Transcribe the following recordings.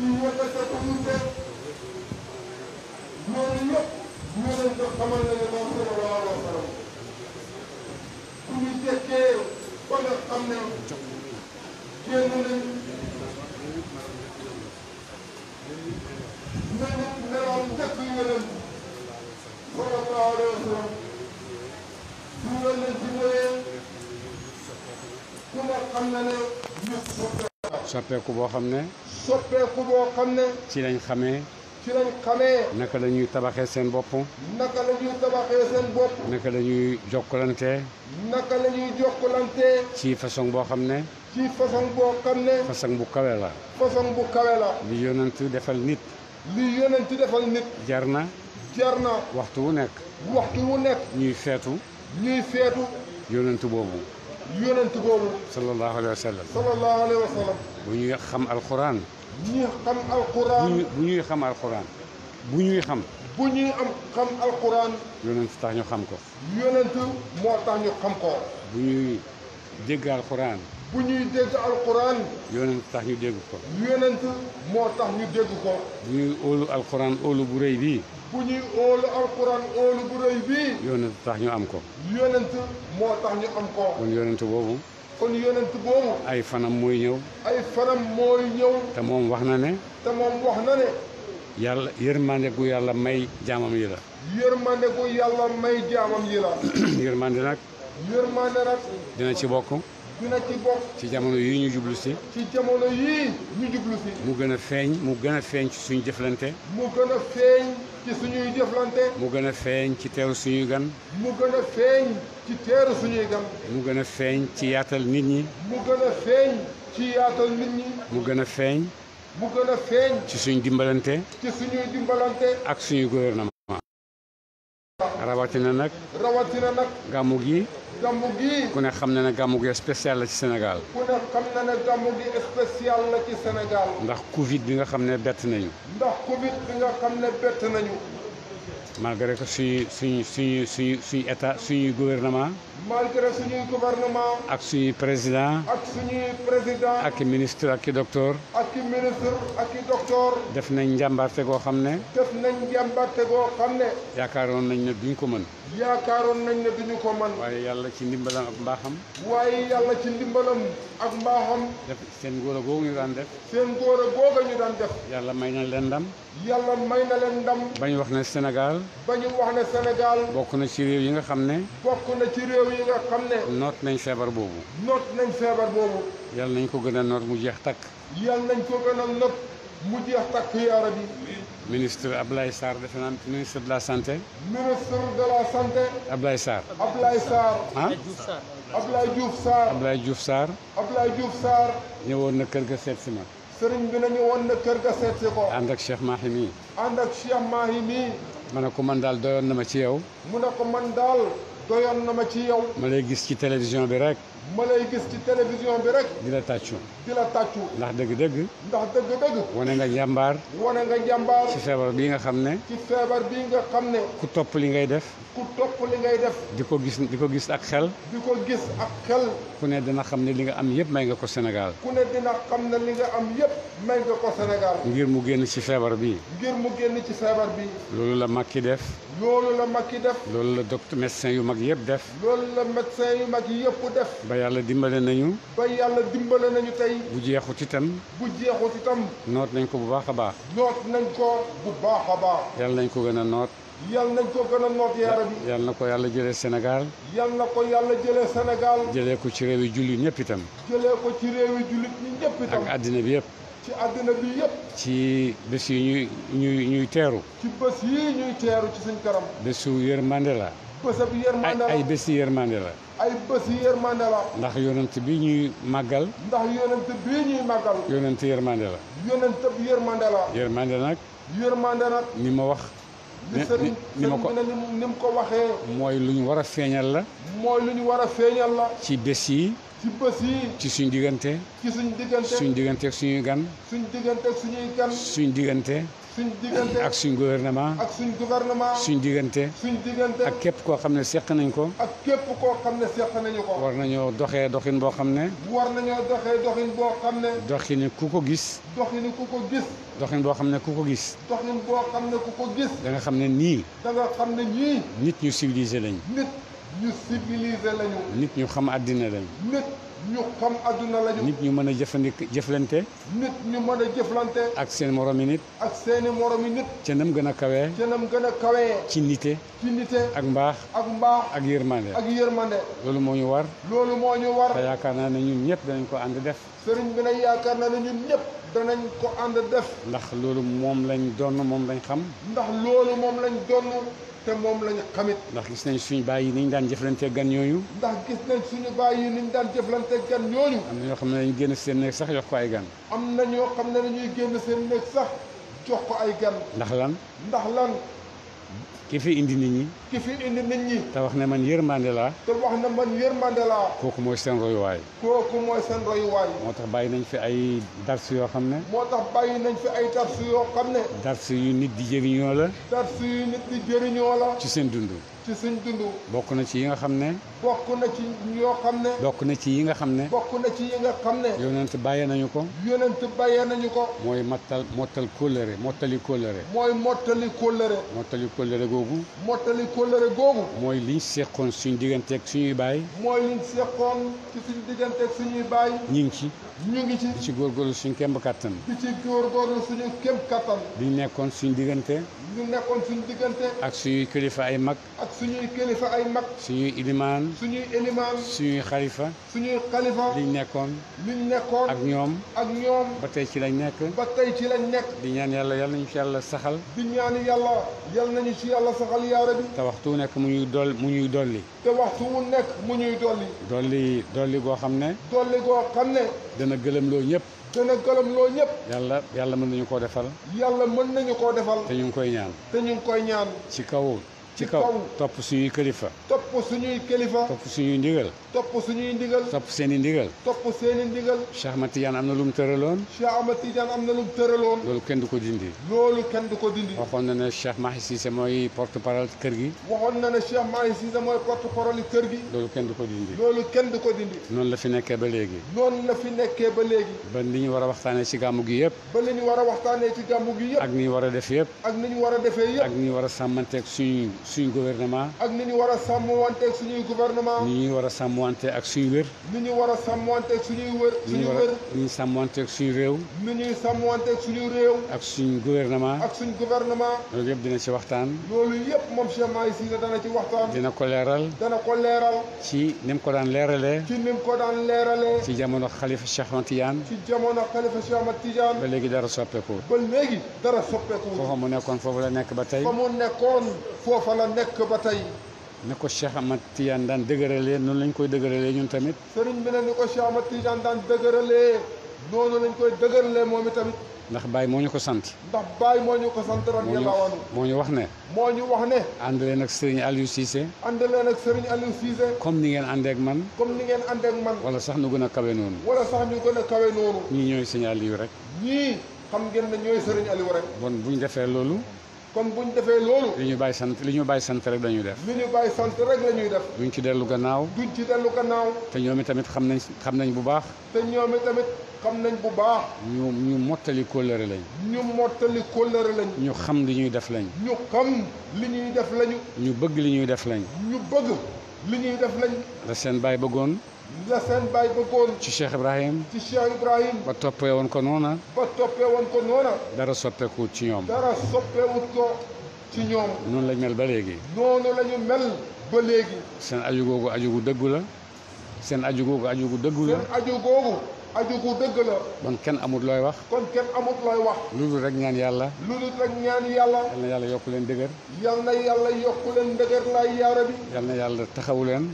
ci wërsëg bu mu teg loolu yëpp ñu leen ko xamal ne moom sallallahu alayhi wa sallam su ñu tekkee ba nga xam ne génn nañ melu meloon njëkk yonent sallallahu alayhi wa sallam su ñu leen dimbalee ku nga xam ne ne ñu soppeeku boo xam ne soppeeku boo xam ne. ci lañ xamee. ci lañ xamee. naka la ñuy tabaxee seen bopp. naka la ñuy tabaxee seen bopp. naka la ñuy jokkalantee. naka la ñuy jokkalantee. ci façon boo xam ne. ci façon boo xam ne. façon bu kawe la. façon bu kawe la. li yonent defal nit. li yonent defal nit. jar na. waxtu wu nekk. waxtu wu nekk. ñuy feetu. ñuy feetu. yonent boobu. yonent boobu. sallallahu alayhi wa sallam. bu ñuy xam alquran. bu ñuy xam alquran. bu ñuy xam alquran. bu ñuy xam. bu ñuy xam alquran. yonent tax ñu xam ko. yonent moo tax xam ko. bu ñuy dégg alquran. bu ñuy dégg alquran. yonent tax ñu dégg ko. yonent moo tax ñu dégg ko. bu ñuy óolu alquran óolu bu rëy bii. bu ñuy óolu alquran óolu bu rëy bii. tax ñu am ko. yonent moo tax ñu am ko. kon yonent boobu. kon yonent boobu. ay fanam mooy ñëw. ay fanam mooy ñëw. te moom wax na ne. te moom wax na ne. yàlla yërmande gu yàlla may jaamam yi la. yërmande gu yàlla may jaamam yi la. yërmande nag. dina ci bokk. ci jamono yii ñu jublu si. ci jamono mu gën a feeñ mu gën a feeñ ci jëflante. mu gën a feeñ ci suñuy jëflante. teeru suñuy gan. mu gën a feeñ ci yaatal nit ñi. mu gën a feeñ ci yaatal dimbalante. ci suñuy dimbalante. ak suñu gouvernement. rawatina nag. gàmmu gi. gàmmu ku ne xam na ne gàmmu gi spécial la ci Sénégal. na gàmmu gi spécial la ci Sénégal. ndax Covid bi nga xam ne bett nañu. ndax Covid bi nga xam suñu suñu suñu état suñu gouvernement. malgré suñuy gouvernement. ak suñuy président. ak suñuy président. ak ministre ak i def nañ njàmbaarte goo xam ne. def nañ njàmbaarte goo xam ne. yaakaaroon nañ ne duñ ko mën. yaakaaroon nañ ne duñu ko mën. waaye yàlla ci ndimbalam ak mbaaxam. waaye yàlla ci ndimbalam ak mbaaxam. def seen góor a googu daan def. seen góor a googu daan def. yàlla may na leen ndam. yàlla may na leen ndam. ba wax ne Sénégal. ba wax ne Sénégal. bokk na ci réew yi nga xam ne. réew ne. noot nañ feebar boobu. noot nañ ko gën a noot jeex takk. yal nañ ko gën a noot mu jeex takk defe naa ministre de la santé. ministre de la santé. Ablaye ah? ñëwoon na kër ga seet si ma. sëriñ bi na ñëwoon na kër ga seet si ko. ànd ak Cheikh Mahi mii. ànd mii. ma ne ko man daal doyoon na ma ci yow. mu ne ko man daal. doyoon na ma ci yow. ma lay gis ci télévision bi rek. ma lay gis ci télévision bi rek. di la tàccu. di la tàccu. ndax dégg dégg ndax dëgg-dëgg. wane nga njàmbaar. wane nga njàmbaar. ci feebar bii nga xam ne. ci feebar bii nga xam ne. ku topp li ngay def. ku topp li ngay def. di ko gis di ko gis ak xel. di ko gis ak xel. ku ne dina xam ne li nga am yëpp may nga ko Sénégal. ku ne dina xam ne li nga am yëpp may nga ko Sénégal. ngir mu génn ci feebar bii. ngir mu génn ci feebar bii. loolu la Macky def. loolu la Macky def. loolu la docteur médecin yu mag yëpp def. loolu yàlla dimbale nañu tey yàlla dimbale nañu tey bu jeexut itam bu jeexut itam noot nañ ko bu baax a baax noot nañ ko bu baax a baax yàlla nañ ko gën a noot yàlla nañ ko gën a bi yàlla na ko yàlla jëlee senegal yàlla ko yàlla jële Sénégal jëlee ko ci réewi jullit ñëpp itam jëlee ko ci réewi jullit ñi ñëpp itam ak àddina bi yëpp ci àddina bi yëpp ci bés yi ñuy ñuy ñuy teeru ci bés yi ñuy teeru ci suñ karam bésu yërmande la bésab yërmande la ay bés yi yërmande la. ay bés yi yërmande la. ndax yonent bi ñuy màggal. ndax yonent bi ñuy màggal. yonent yërmande la. yonent bi yërmande la. yërmande nag. yërmande nag. ni ma wax. ni sëriñ ni ma ko ni mu ko waxee. mooy lu ñu war a feeñal la. mooy lu ñu war a feeñal la. ci bés yi. ci bés yi. ci suñ diggante. ci suñ diggante suñ diggante ak suñuy gan. suñ diggante ak suñuy gan. suñ diggante. suñ ak suñ gouvernement. ak suñ gouvernement. suñ diggante. ak képp koo xam ne seq nañ ko. ak képp koo xam ne seq nañu ko. war nañoo doxee doxin boo xam ne. war nañoo doxin boo xam doxin ku ko gis. doxin ku ko gis. doxin boo xam ne ku ko gis. doxin boo xam ne ku ko gis. da nga xam ne nii. da nga xam ne ñii. nit ñu civilisé lañu. nit ñu civilisé xam àddina lañu. ñu xam adduna lañu. nit ñu mën a jëfandik jëflante. nit ñu mën a jëflante. ak seen moromi nit. ak seen i moromi nit. ca nam gën a kawee. ca nam gën a kawee. ci nite. ci ak mbaax. ak mbaax ak yërmande. ak yërmande. loolu moo ñu war. loolu moo ñu war. te yaakaar naa ne ñun ñëpp danañ ko ànd def. sëriñ bi nag yaakaar naa ne ñun ñëpp. danañ ko ànd def. ndax loolu moom lañ doon moom lañ xam. ndax loolu moom lañ doon. te moom lañu xamit ndax gis nañ suñu baay yi ni ñu daan jëflante gan ñooñu ndax gis nañ suñu baay yi ni ñu daan jëflante gan ñooñu am na ñoo xam ne dañuy génn seen néeg sax jox ko ay gan am na ñoo xam ne dañuy génn seen néeg sax jox ko ay gan ndax lan ndax lan ki fi indi nit ñi. ki fi indi nit ñi. te wax ne man yërmande laa. te wax ne man yërmande laa. kooku mooy seen royuwaay. kooku mooy seen royuwaay. moo tax bàyyi nañ fi ay dars yoo xam ne. moo dars yu nit di jëriñoo la. dars yu nit di jëriñoo la. ci seen dund. ci seen dund. bokk na ci yi nga xam ne. bokk na ci yoo na ci yi nga xam ne. bokk na ci yi nga xam ne. yonent bàyyee nañu ko. yonent bàyyee nañu ko. mooy mattal mottal kóllëre mottali kóllëre. mooy mottali kóllëre. mottali googu. mottali kóllëre googu. mooy liñ seqoon suñ digganteeg suñuy baay. mooy liñ seqoon ci suñ digganteeg suñuy baay. ñu ngi ci. ñu ngi ci. di ci góorgóorlu suñ kémb kattan. di ci góorgóorlu suñu kémb kattan. liñ nekkoon suñ diggante. ñu nekkoon suñ diggante. ak suñuy kilifa ay mag. ak suñuy kilifa ay mag. suñuy ilimaan. suñuy ilimaan. suñuy xalifa. suñuy xalifa. liñ nekkoon. liñ nekkoon. ak ñoom. ak ñoom. ba tey ci lañ nekk. ba tey ci lañ nekk. di ñaan yàlla yal nañu ci yàlla saxal. di ñaan yàlla yal nañu ci yàlla yàlla saxal yaa rabbi te waxtu nekk mu ñuy dol mu ñuy dolli te waxtu wu nekk mu ñuy dolli dolli dolli goo xam ne dolli goo xam ne dana gëlëm loo ñëpp dana gëlëm loo ñëpp yàlla yàlla mën nañu koo defal yàlla mën nañu koo defal te ñu ngi koy ñaan te ñu ngi koy ñaan ci kaw ci kaw topp suñuy kilifa. topp suñuy kilifa. topp suñuy ndigal. topp suñuy ndigal. topp seen i ndigal. topp seen i ndigal. Cheikh Ahmad Tidiane am na lu mu tëraloon. Cheikh Ahmad Tidiane am na lu mu tëraloon. loolu kenn du ko dindi. loolu kenn du ko dindi. waxoon na ne Cheikh Mahi Cissé mooy porte parole kër gi. waxoon na ne Cheikh Mahi Cissé mooy porte parole kër gi. loolu kenn du ko dindi. loolu kenn du ko dindi. noonu la fi nekkee ba léegi. noonu la fi nekkee ba léegi. ba li ñu war a waxtaanee ci gàmmu gi yëpp. ba li ñu war a waxtaanee ci gàmmu gi yëpp. ak ni ñu war a def yëpp. ak ni ñu war a defee yëpp. ak ni ñu war a sàmmanteeg suñu suñu gouvernement. ak ni ñu war a sàmmwanteeg suñuy gouvernement. ni ñu war a sàmmwante ak suñu wér. ni ñu war a sàmmwanteeg suñuy wér. suñu wér ni ñu sàmmwanteeg suñu réew. ni ñuy sàmmwanteeg suñu réew. ak suñu gouvernement. ak suñu gouvernement. loolu yëpp dina ci waxtaan. loolu yëpp moom Cheikh Mahi Cissé dana ci waxtaan. dina ko leeral. dana ko leeral. ci ni ko daan leeralee. ci ni ko daan leeralee. ci jamono xalifa Cheikh Ahmad Tidiane. ci jamono xalifa Cheikh Ahmad ba léegi dara soppeeku. ba léegi dara soppeeku. foofa mu nekkoon foofu la nekk ba tey. fa la nekk ba tey. ne ko Cheikh Ahmad Tidiane daan dëgëralee noonu lañ koy dëgëralee ñun tamit. sëriñ bi ne ni ko Cheikh Ahmad Tidiane daan dëgëralee noonu lañ koy moom itamit. ndax Baye moo ñu ko sant. ndax Baye moo ñu ko sant radiyallaahu anhu. moo ñu wax ne. moo ñu wax ne. ànd leen ak Serigne Aliou Cissé. ànd leen ak Serigne Aliou Cissé. comme ni ngeen àndee ak man. comme ni ngeen àndee ak man. wala sax nu gën a kawe noonu. wala sax ñu gën a kawe noonu. ñii ñooy Serigne Aliou rek. ñii xam ngeen ne ñooy Serigne Aliou rek. bon bu ñu defee loolu. kon ñu defee loolu. li ñu bàyyi sant li ñu bàyyi sant rek lañuy def. li ñu bàyyi sant rek la ñuy def. ñu ci dellu gannaaw. duñ ci dellu gannaaw. te ñoom itamit xam nañ xam nañ bu baax. te ñoom tamit xam nañ bu baax. ñu ñu mottali kóllëre lañ. ñu mottali kóllëre lañ. ñu xam li ñuy def lañ. ñu li ñuy def lañu. ñu bëgg li ñuy def lañ. ñu bëgg seen baay bëggoon. la seen baay bëggoon ci Cheikh Ibrahim ci Cheikh Ibrahim ba woon ko noona ba toppee woon ko noona dara soppeeku ci ñoom dara soppeewut ko ci ñoom noonu lañ mel ba léegi noonu la ñu mel ba léegi seen aju googu aju gu dëggu la seen aju googu aju gu dëggu la seen aju googu aju gu dëgg la. kon kenn amut looy wax. kon kenn amut lu dul rek ñaan yàlla. lu dul rek ñaan yàlla. yàlla yokk leen dëgër. yal na yàlla yokk leen dëgër yaara bi. yàlla yàlla taxawu leen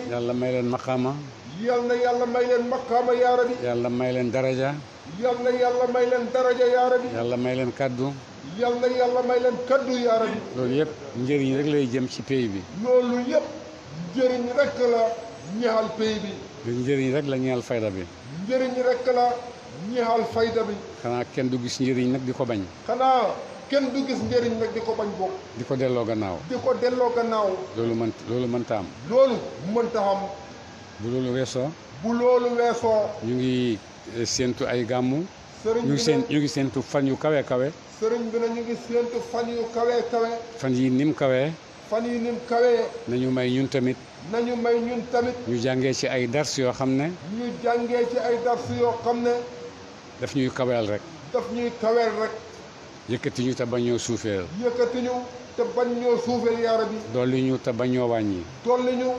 yaara may leen maqaama. may leen maqaama yaara bi. yàlla may leen daraja. yal na yaara bi. yàlla may leen kaddu. yaara bi. loolu yëpp njëriñ rek lay jëm ci pays bi. loolu yëpp njëriñ rek la ñaxal pays bi njëriñ rek la al fayda bi njëriñ rek la ñeexal fayda bi xanaa kenn du gis njëriñ nag di ko bañ xanaa kenn du gis njëriñ nag di ko bañ bokk di ko delloo gannaaw di ko delloo gannaaw loolu mën mënta am loolu mënta am bu loolu weesoo bu loolu weesoo ñu ngi eh, séentu ay gàmmu sëriñ ñu ngi seen ñu fan yu kawe kawe sëriñ bi na ñu ngi séentu fan yu kawe kawe fan yi nim kawee fan yi nim kawee nañu may ñun tamit nañu may ñun tamit. ñu jàngee ci ay dars yoo xam ne. ñu jàngee ci ay dars yoo xam ne. daf ñuy kaweel rek. daf ñuy kaweel rek. yëkkati ñu te bañ ñoo suufeel. yëkkati ñu te bañ ñoo dolli ñu te bañ ñoo wàññi. dolli ñu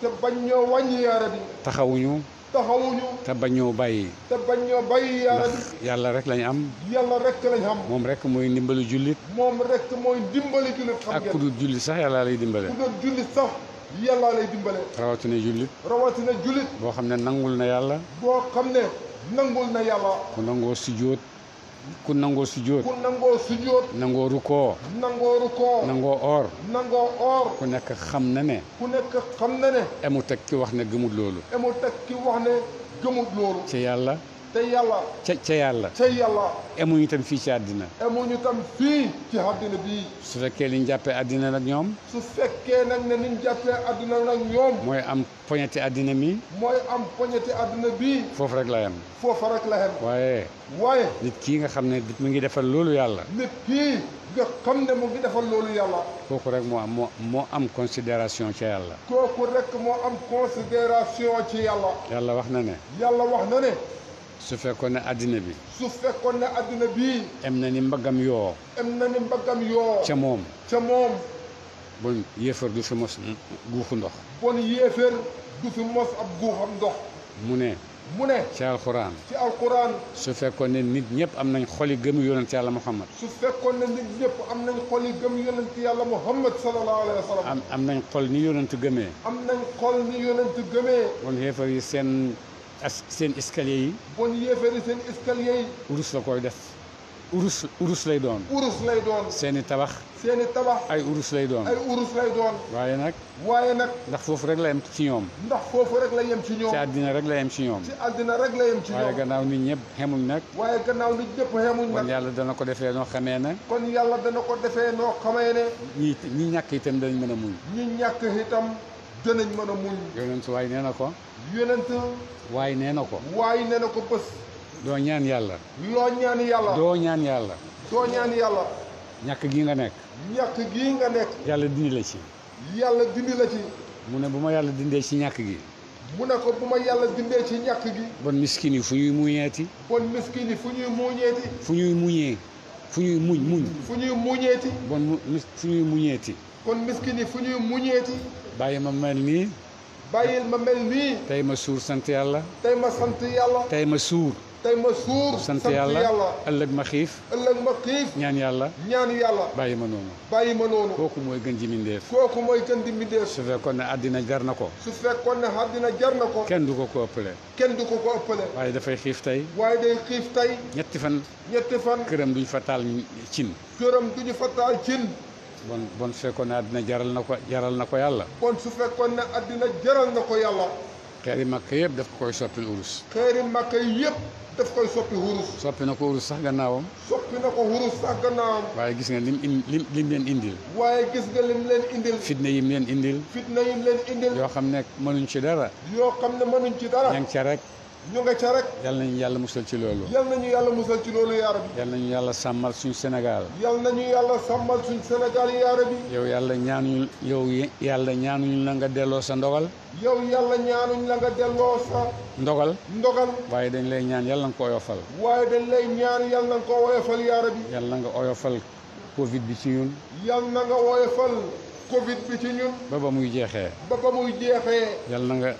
te bañ ñoo wàññi yaa rabbi. taxawuñu. te bañ ñoo bàyyi. te bañ ñoo bàyyi yaa rabbi. yàlla rek lañ am. yàlla rek lañ moom rek mooy ndimbalu jullit. moom rek mooy ndimbalu jullit. ak ku dul jullit sax yàlla lay dimbale. ku jullit sax. yi yàllaa lay dimbale. rawatina jullit. rawatina jullit. boo xam ne nangul na yàlla. boo xam ne nangul na yàlla. ku nangoo sujjóot. ku nangoo sujjóot. ku nangoo sujjóot. nangoo rukoo. nangoo rukoo. nangoo or. ku nekk xam na ne. ku nekk ne. emu teg ki wax ne gëmut loolu. emu teg ki wax ne gëmut loolu. ci yàlla. te yàlla. ca ca yàlla. ca yàlla. amuñu tam fii ci àddina. amuñu tam fii ci àddina bii. su fekkee ni ñu jàppee àddina nag ñoom. su fekkee nag ne ni ñu àddina nag ñoom. mooy am poñeti àddina mi. mooy am poñeti àddina bii. foofu rek la yem. foofu rek la yem. waaye. waaye. nit kii nga xam ne mu ngi defal loolu yàlla. nit kii. nga xam ne mu ngi defar loolu yàlla. kooku rek moo am moo moo am considération ci yàlla. kooku rek moo am considération ci yàlla. yàlla wax na ne. yàlla su fekkoon ne addina bi. su fekkoon ne bi. am na ni mbaggam yoo. em na ni mbaggam yoo. ca moom ca moom. bon yéefar du fi mos guuxu ndox. bon yéefar du fi mos ab guuxam ndox. mu ne. mu ne. ci alquran. ci alquran. su fekkoon ne nit ñëpp am nañ yi gëm yonent yàlla Muhammad. su fekkoon ne nit ñëpp am nañ yi gëm yonent yàlla Muhammad sallallahu alayhi wa sallam. am am nañ xol ni yonent gëmee. am nañ xol ni yonent gëmee. bon yéefar yi seen. as seen escalier yi. bon yéefari seen escalier yi. urus la koy def. urus urus lay doon. urus lay doon. seen tabax. seen i tabax. ay urus lay doon. ay waaye nag. waaye nag. ndax foofu rek la yem si ñoom. ndax foofu rek la yem si ñoom. ci àddina rek la yem ci ñoom. àddina rek la yem ci ñoom. waaye gannaaw nit ñëpp xemuñ nag. waaye gannaaw nit ñëpp xemuñ nag. kon yàlla dana ko defee noo xamee ne. kon yàlla dana ko defee noo xamee ne. ñi ñi ñàkk itam danañ mën a muñ. ñi ñàkk itam danañ mën a muñ. yonent waay nee na ko. yonent waaye nee na ko waaye nee na ko bés doo ñaan yàlla loo ñaan yàlla doo ñaan yàlla doo ñaan yàlla ñàkk gi nga nekk ñàkk gi nga nekk yàlla dindi la ci yàlla dindi la ci mu ne bu ma yàlla dindee ci ñàkk gi mu ne ko bu ma yàlla dindee ci ñàkk gi bon miskin yi fu ñuy muñeeti bon miskin yi fu ñuy muñeeti fu ñuy muñee fu ñuy muñ muñ fu ñuy muñeeti bon fu ñuy muñeeti kon miskin yi fu ñuy muñeeti bàyyi ma mel nii bàyyil ma mel nii. tey ma suur sant yàlla. tey ma sant yàlla. tey ma suur. tey ma suur sant yàlla ëllëg ma xiif ëllëg ma xiif ñaan yàlla ñaan yàlla bàyyi ma noonu bàyyi ma noonu kooku mooy gën ji mindeef kooku mooy gën di mindeef su fekkoon ne àddina jar na ko su fekkoon ne àddina jar na ko kenn du ko ko ëppale kenn du ko ko ëppale waaye dafay xiif tey waaye day xiif tey ñetti fan këram duñu fa taal cin këram duñu fa taal cin bon bon su fekkoon ne àddina jaral na ko jaral na ko yàlla. bon su fekkoon ne àddina jaral na ko yàlla. xeeri makka yëpp daf koy soppi wurus. xeeri makka yëpp daf koy soppi wurus. soppi na ko wurus sax gannaawam. soppi na ko wurus sax gannaawam. waaye gis nga lim lim leen indil. waaye gis nga lim leen indil. fitna yim leen indil. yoo xam ne mënuñ ci dara. yoo xam ne mënuñ ci dara. ña rek. ñu nga ca rek yal nañu yàlla musal ci loolu yal nañu yàlla musal ci loolu yaa rabbi yal nañu yàlla sàmmal suñu Sénégal yal nañu yàlla sàmmal suñu Sénégal yaa rabbi yow yàlla ñaan yow yàlla ñaanuñu la nga delloo sa ndogal yow yàlla ñaanuñ la nga delloo sa ndogal ndogal waaye dañ lay ñaan yàlla nga ko oyofal waaye dañ lay ñaan yàlla nga ko oyofal yaa rabbi yàlla nga oyofal covid bi ci ñun yal nga oyofal Covid bi ci ñun. ba ba muy jeexee. ba ba muy jeexee. yal na nga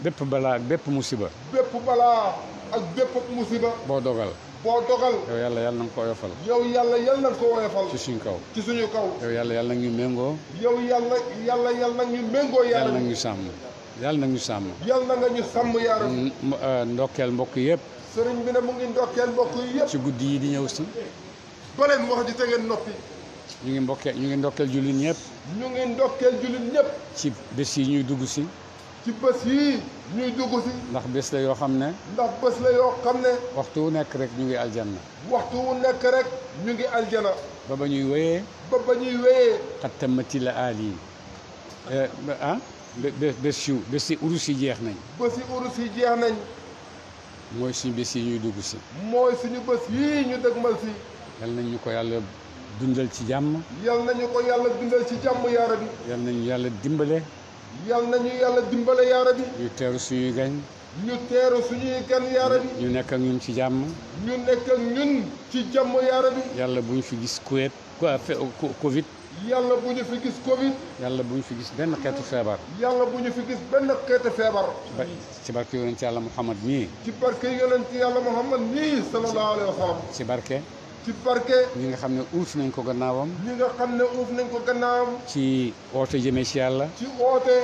bépp balaa ak bépp musiba. bépp balaa ak bépp musiba. boo dogal. boo dogal. yow yàlla yàlla na nga ko woyofal. yow yàlla yàlla na nga ko woyofal. ci suñ kaw. ci suñu kaw. yow yàlla yàlla na ñu méngoo. yow yàlla yàlla yàlla na ñu méngoo. yàlla na ñu sàmm. yàlla na ñu sàmm. yàlla na nga ñu sàmm yaaram. Euh, ndokkeel mbokk yëpp. sëriñ bi ne mu ngi ndokkeel mbokk yëpp. ci guddi yi di ñëw si. ba leen wax di te ngeen noppi. ñu ngi mbokkee ñu ngi ndokkeel jullit ñëpp. ñu ngi ndokkeel jullit ñëpp. ci bés yi ñuy dugg si. ci bés yi ñuy dugg si. ndax bés la yoo xam ne. ndax bés la yoo xam ne. waxtu wu nekk rek ñu ngi aljanna. waxtu wu nekk rek ñu ngi aljanna. ba ba ñuy wéyee. ba ba ñuy wéyee. xattamati la aal yi eh, ah bés bés yu bés yi urus yi jeex nañ. bés yi urus yi jeex nañ. mooy suñu bés yi ñuy dugg si. mooy suñu bés yii ñu dëgmal si. yal nañ ñu ko yàlla. dundal ci jàmm. yal nañu ko yàlla dundal ci jàmm yaara bi. yal nañu yàlla dimbale. yal nañu yàlla dimbale yaara bi. ñu teeru suñuy gañ. ñu teeru suñuy gan yaara bi. ñu nekk ak ñun ci jàmm. ñu nekk ak ñun ci jàmm yaara bi. yàlla bu ñu fi gis kuweet ah, covid. yàlla bu ñu fi gis covid. yàlla bu ñu fi gis benn xeetu feebar. yàlla bu ñu fi gis benn xeetu feebar. ci barke ci yàlla Muhammad nii. ci barke yonent yàlla Muhammad nii sallallahu alayhi wa ci barke. ci parquet. ñi nga xam ne uuf nañ ko gannaawam. ñi nga xam ne uuf nañ ko gannaawam. ci oote jëmee ci yàlla. ci oote.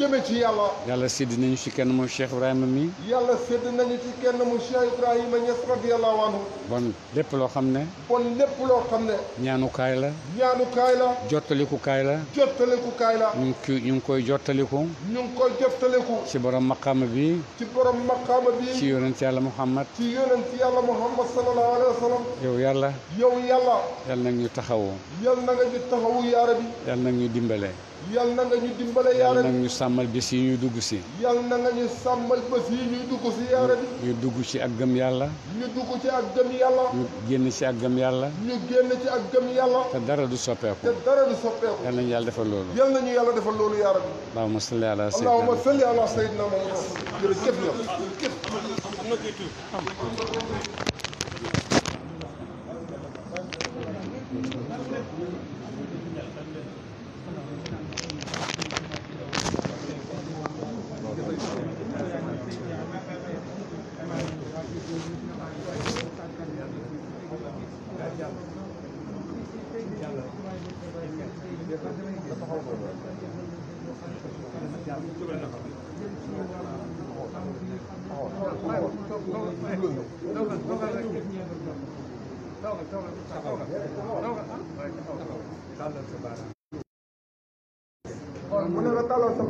jëme ci yàlla yàlla sédd nañu ci kenn mu Cheikh Ibrahima mi yàlla sédd nañu ci kenn mu Cheikh Ibrahima Niass radiyallahu anhu bon lépp loo xam ne bon lépp loo xam ne ñaanukaay la ñaanukaay la jottalikukaay la jottalikukaay la ñu ngi ñu ngi koy jottaliku ñu ngi koy jottaliku ci borom maqaama bi ci borom maqaama bi ci yonent yàlla Muhammad ci yonent yàlla Muhammad sallallahu alayhi wa sallam yow yàlla yow yàlla yàlla nag ñu taxawu yàlla na nga ñu taxawu yaa rabbi yàlla nag ñu dimbale yal na nga ñu dimbale yaara bi yal na ñu sàmmal bés yi ñuy dugg si yal na nga ñu sàmmal bés yi ñuy dugg si yaara bi ñu dugg ci ak gëm yàlla ñu dugg ci ak gëm yàlla ñu génn ci ak gëm yàlla te dara du soppeeku te dara du soppeeku yal nañu yàlla defal loolu yal nañu yàlla defal loolu yaara bi allahumma salli ala sayyidina allahumma salli ala sayyidina Muhammad jërëjëf ñëpp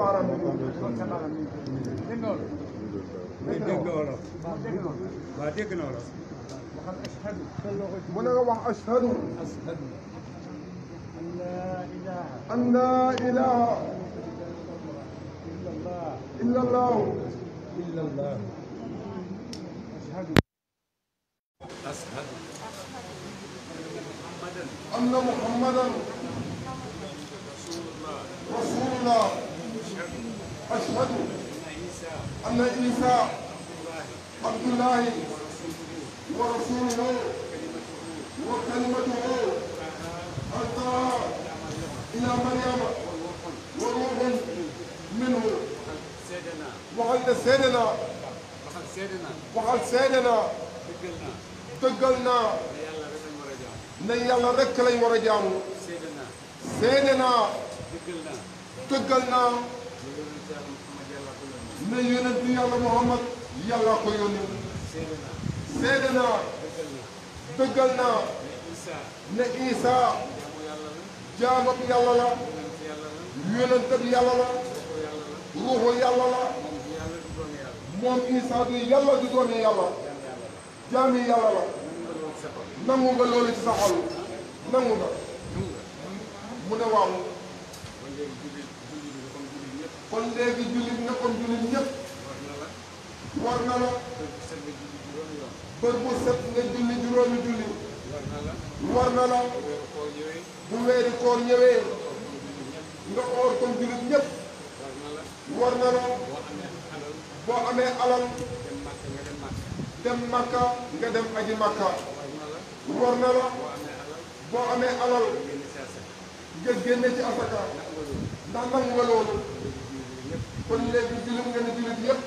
baaraam bi dégg nga wala waaw dégg na wala mu ne nga wax ashhadu an laa ilaha illa allahu ashhadu anna muhammadan أن عيسى عبد الله ورسوله وكلمته ألقاها إلى مريم وروح منه وعند سيدنا waxal seede naa dëggal naa ne yàlla rekk lañ war a jaamu seede naa dëggal naa ne yonent yàlla Muhammad yàlla ko yónni seede dëggal naa ne Isa jaamab yàlla la yonentab yàlla la ruuxu yàlla la moom Isa du yàlla du doomi yàlla jaami yàlla la nangu nga loolu ci sa nangu nga mu ne waaw kon léegi jullit nga kon jullit ñëpp. war na la. bër bu set nga julli juróomi julli. bu weeri koor ñëwee. nga oor kon jullit ñëpp. war na la. boo amee alal. dem Makka nga dem aji Makka. war na la. boo amee alal. nga génne ci asaka. ndax nangu nga kon léegi jullit nga ne jullit yëpp.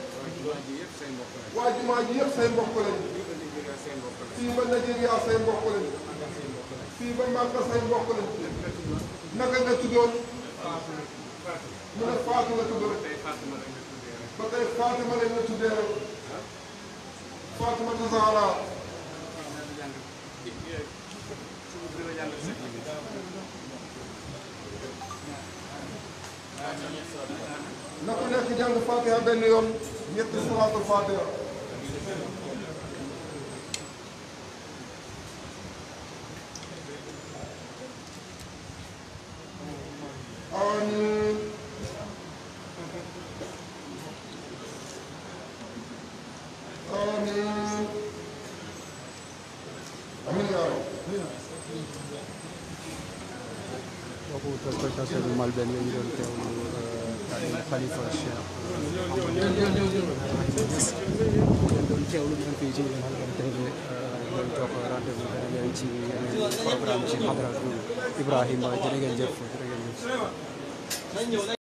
waa jumaa ji yëpp say mbokk lañ. fii ba Nigeria say mbokk lañ. fii ba Màkka say mbokk lañ. naka nga tuddoon. mu ne Faatu nga tuddoon. ba tey Fatima lañ la tuddee rek. Fatima Zahra. Thank you. na ku nekk jàng fatiha benn yoon ñetti suraatul fatiha amiin amiin amiin yaa rabbi Khalifa Cheikh ngeen doon teewlu ñu fii ci li nga xamante ne doon jox rendez-vous ak yéen ci programme ci Hadratou Ibrahima jërë ngeen jëf jërë ngeen jëf